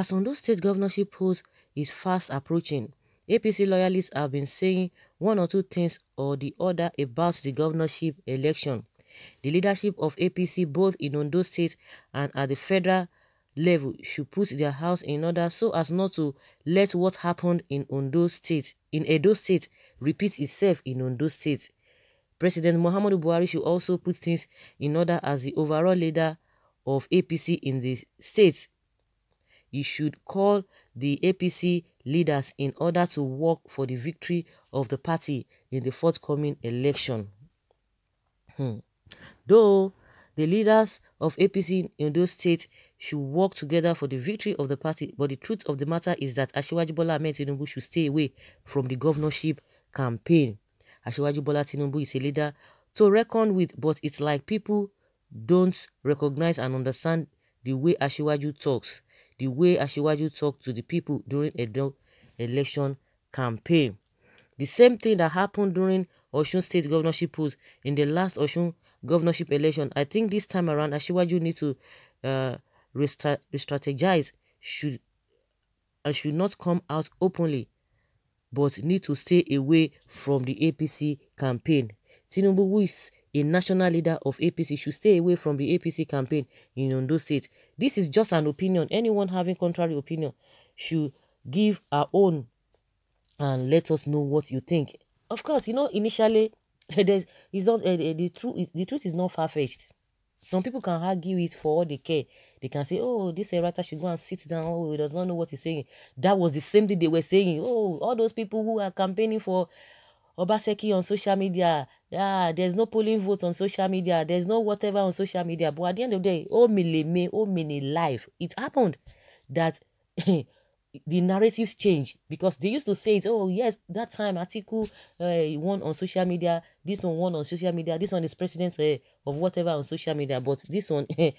As Ondo State governorship polls is fast approaching, APC loyalists have been saying one or two things or the other about the governorship election. The leadership of APC both in Ondo State and at the federal level should put their house in order so as not to let what happened in Ondo State, in Edo State, repeat itself in Ondo State. President Muhammadu Buhari should also put things in order as the overall leader of APC in the state he should call the APC leaders in order to work for the victory of the party in the forthcoming election. Hmm. Though the leaders of APC in those states should work together for the victory of the party, but the truth of the matter is that Ashiwaji Bola Tinubu should stay away from the governorship campaign. Ashiwaji Bola Tinubu is a leader to reckon with, but it's like people don't recognize and understand the way Ashiwaju talks the way Ashiwaju talked to the people during a election campaign. The same thing that happened during Oshun State governorship polls in the last Oshun governorship election. I think this time around, Ashiwaju needs to uh, re-strategize should, and should not come out openly, but need to stay away from the APC campaign. Tinubu, who is a national leader of APC should stay away from the APC campaign in Ondo State. This is just an opinion. Anyone having contrary opinion should give our own and let us know what you think. Of course, you know, initially, there's, it's not, uh, the, truth, the truth is not far-fetched. Some people can argue it for all they care. They can say, oh, this writer should go and sit down. Oh, he does not know what he's saying. That was the same thing they were saying. Oh, all those people who are campaigning for Obaseki on social media. Yeah, there's no polling votes on social media. There's no whatever on social media. But at the end of the day, oh me, oh mini life. It happened that the narratives change because they used to say it, oh yes, that time article uh, one on social media, this one one on social media, this one is president uh, of whatever on social media, but this one,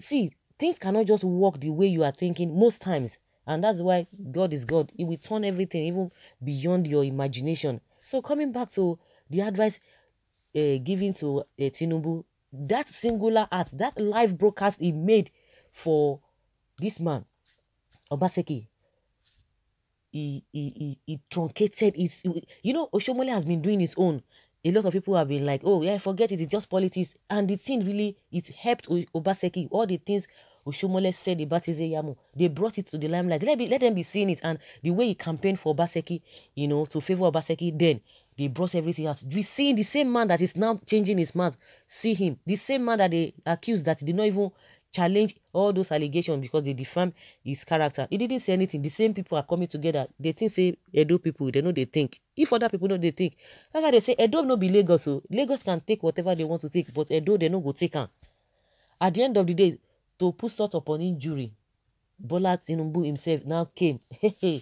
see, things cannot just work the way you are thinking most times, and that's why God is God. He will turn everything even beyond your imagination. So coming back to the advice uh, given to uh, Tinubu, that singular act, that live broadcast he made for this man, Obaseki, he, he, he, he truncated it. You know, Oshomole has been doing his own. A lot of people have been like, oh, yeah, forget it, it's just politics. And the thing really, it helped Obaseki. All the things Oshomole said the Batize Yamu. They brought it to the limelight. Let, be, let them be seeing it. And the way he campaigned for Baseki, you know, to favor Baseki, then they brought everything else. We seeing the same man that is now changing his mouth. See him. The same man that they accused that did not even challenge all those allegations because they defame his character. He didn't say anything. The same people are coming together. They think say Edo people, they know they think. If other people know they think, that's why they say Edo no be Lagos. So oh. Lagos can take whatever they want to take, but Edo they no go take At the end of the day, to put sort upon injury, Bola Tinubu himself now came. he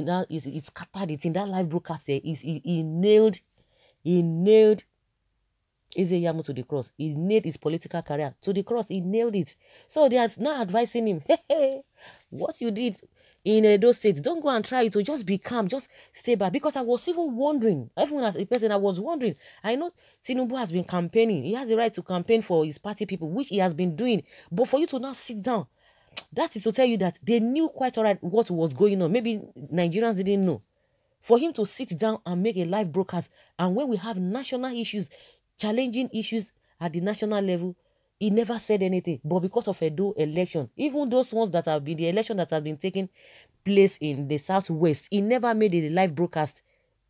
now he, he scattered it in that live broadcast. He, eh, he, he nailed, he nailed Ezeyamu to the cross. He nailed his political career to the cross. He nailed it. So they are now advising him, hey, what you did in Edo State. Don't go and try it. So just be calm. Just stay back. Because I was even wondering, everyone as a person, I was wondering. I know Tinubu has been campaigning. He has the right to campaign for his party people, which he has been doing. But for you to not sit down, that is to tell you that they knew quite all right what was going on. Maybe Nigerians didn't know. For him to sit down and make a live broadcast, and when we have national issues, challenging issues at the national level, he never said anything. But because of Edo election, even those ones that have been the election that has been taking place in the southwest, he never made a live broadcast.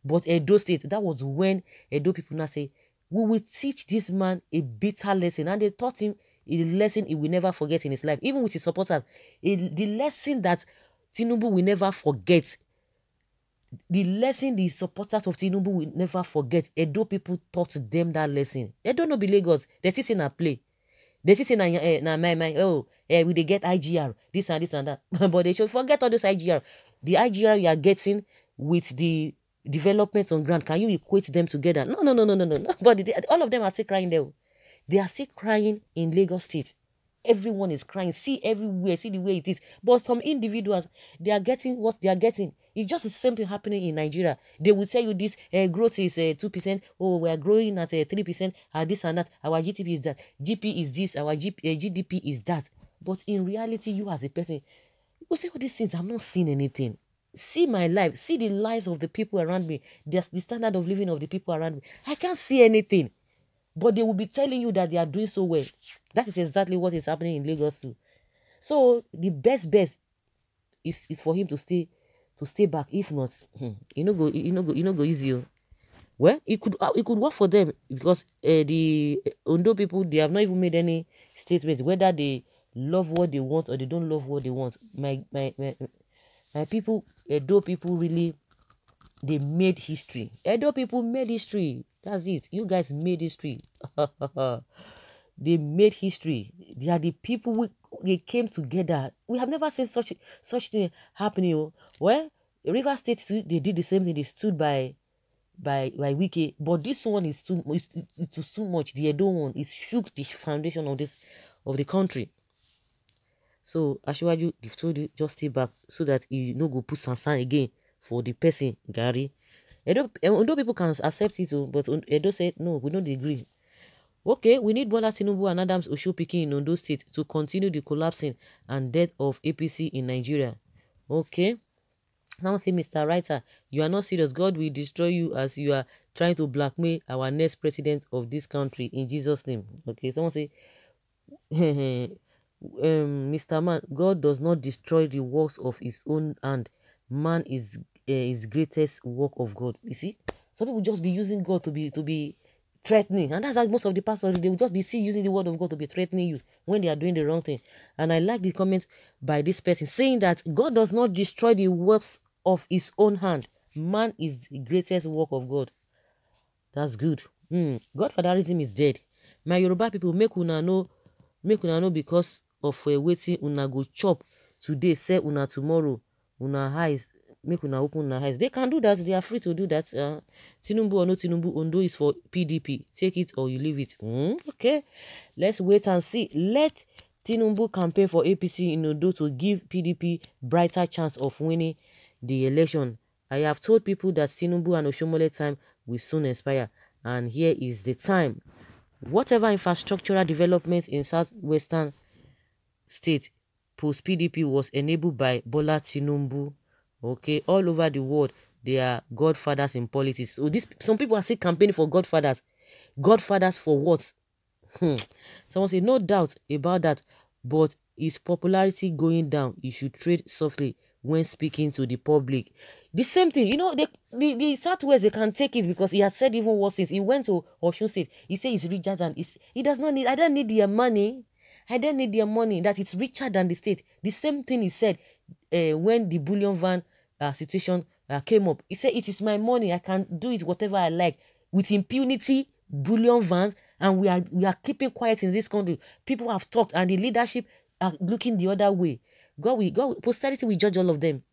But Edo State, that was when Edo people now say, we will teach this man a bitter lesson. And they taught him a lesson he will never forget in his life, even with his supporters. A, the lesson that Tinubu will never forget. The lesson the supporters of Tinubu will never forget. Edo people taught them that lesson. They don't know be Lagos. They're still in a play. They see say na, eh, my, my, oh, eh, we they get IGR, this and this and that. but they should forget all those IGR. The IGR you are getting with the development on ground, can you equate them together? No, no, no, no, no, no. But they, all of them are still crying there. They are still crying in Lagos State everyone is crying. See everywhere. See the way it is. But some individuals, they are getting what they are getting. It's just the same thing happening in Nigeria. They will tell you this uh, growth is uh, eh, 2%. Oh, we are growing at uh, 3%. Uh, this and that. Our GDP is that. GP is this. Our GP, uh, eh, GDP is that. But in reality, you as a person, you will say all these things. I'm not seeing anything. See my life. See the lives of the people around me. There's the standard of living of the people around me. I can't see anything. But they will be telling you that they are doing so well. That is exactly what is happening in Lagos too. So the best best is, is for him to stay to stay back. If not, you hmm, know go you know go you know go easy. Oh. Well, it could it could work for them because uh, the Ondo people they have not even made any statement whether they love what they want or they don't love what they want. My my my, my people, Edo people really they made history. Edo people made history. That's it. You guys made history. they made history. They are the people we they came together. We have never seen such such thing happening. Oh. Well, River State they did the same thing. They stood by by by Wiki, but this one is too is, is too much. The Edo one it shook the foundation of this of the country. So Ashwaju, they've told you just stay back so that you no go put Sansan again for the person, Gary. Edo, eh, people can accept it, oh, but Edo said, no, we don't agree. Okay, we need Bola Tinubu and Adams Osho picking in Ondo State to continue the collapsing and death of APC in Nigeria. Okay. Now say, Mr. Writer, you are not serious. God will destroy you as you are trying to blackmail our next president of this country in Jesus' name. Okay, someone say, um, Mr. Man, God does not destroy the works of his own hand. Man is Eh, his greatest work of God. You see, some people just be using God to be to be threatening, and that's how most of the pastors they will just be still using the word of God to be threatening you when they are doing the wrong thing. And I like the comment by this person saying that God does not destroy the works of His own hand. Man is the greatest work of God. That's good. Mm. Godfatherism is dead. My Yoruba people make una know, make una know because of uh, eh, waiting una go chop today, say una tomorrow, una eyes make una open eyes. They can do that. They are free to do that. Uh, Tinubu or no Tinubu, Ondo is for PDP. Take it or you leave it. Mm, okay. Let's wait and see. Let Tinubu campaign for APC in Ondo to give PDP brighter chance of winning the election. I have told people that Tinubu and Oshomole time will soon expire. And here is the time. Whatever infrastructural development in southwestern state post-PDP was enabled by Bola Tinubu Okay, all over the world, they are godfathers in politics. So this, some people are still campaigning for godfathers. Godfathers for what? Hmm. Someone said, no doubt about that, but his popularity going down. You should trade softly when speaking to the public. The same thing, you know, they, the, the Southwest, they can take it because he has said even worse things. He went to Ocean State. He said he's richer than, he's, he does not need, I don't need their money. I don't need their money. That it's richer than the state. The same thing he said uh, when the bullion van uh, situation uh, came up. He said, It is my money. I can do it whatever I like. With impunity, bullion vans, and we are we are keeping quiet in this country. People have talked, and the leadership are looking the other way. God we God posterity will judge all of them.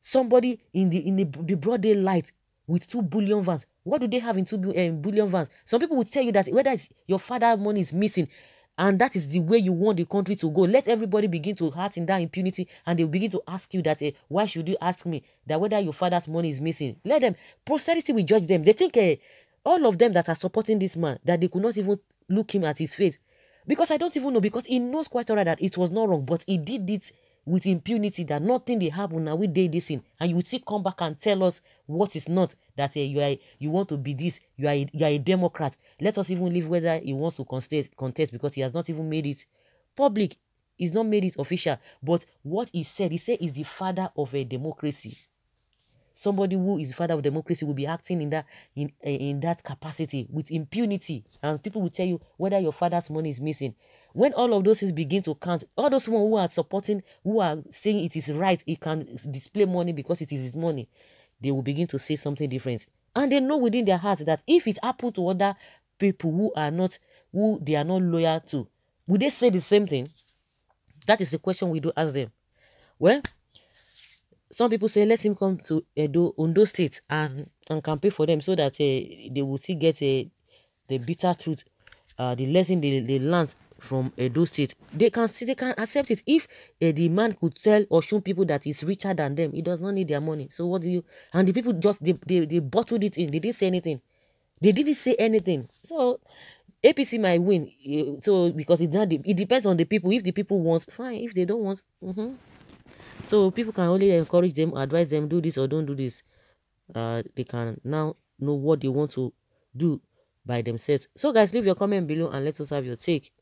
Somebody in the in the, the broad daylight with two billion vans. What do they have in two um, vans? Some people will tell you that whether your father money is missing, and that is the way you want the country to go let everybody begin to hurt in that impunity and they begin to ask you that eh, why should you ask me that whether your father's money is missing let them posterity will judge them they think eh, all of them that are supporting this man that they could not even look him at his face because i don't even know because he knows quite all right that it was not wrong but he did it with impunity that nothing they have now we did this in and you will still come back and tell us what is not that uh, you are you want to be this you are a, you are a democrat let us even leave whether he wants to contest contest because he has not even made it public he's not made it official but what he said he said is the father of a democracy somebody who is father of democracy will be acting in that in eh, in that capacity with impunity and people will tell you whether your father's money is missing when all of those things begin to count all those who are supporting who are saying it is right he can display money because it is his money they will begin to say something different and they know within their hearts that if it happened to other people who are not who they are not loyal to would they say the same thing that is the question we do ask them well some people say let him come to Edo, Ondo State and, and campaign for them so that uh, they will still get uh, the bitter truth, uh, the lesson they, they learned from Edo State. They can they can accept it if uh, the man could tell or show people that he's richer than them. He does not need their money. So what do you? And the people just they they, they bottled it in. They didn't say anything. They didn't say anything. So APC might win. So because it's not it depends on the people. If the people want, fine. If they don't want, mm -hmm so people can only encourage them advise them do this or don't do this uh, they can now know what they want to do by themselves so guys leave your comment below and let us have your take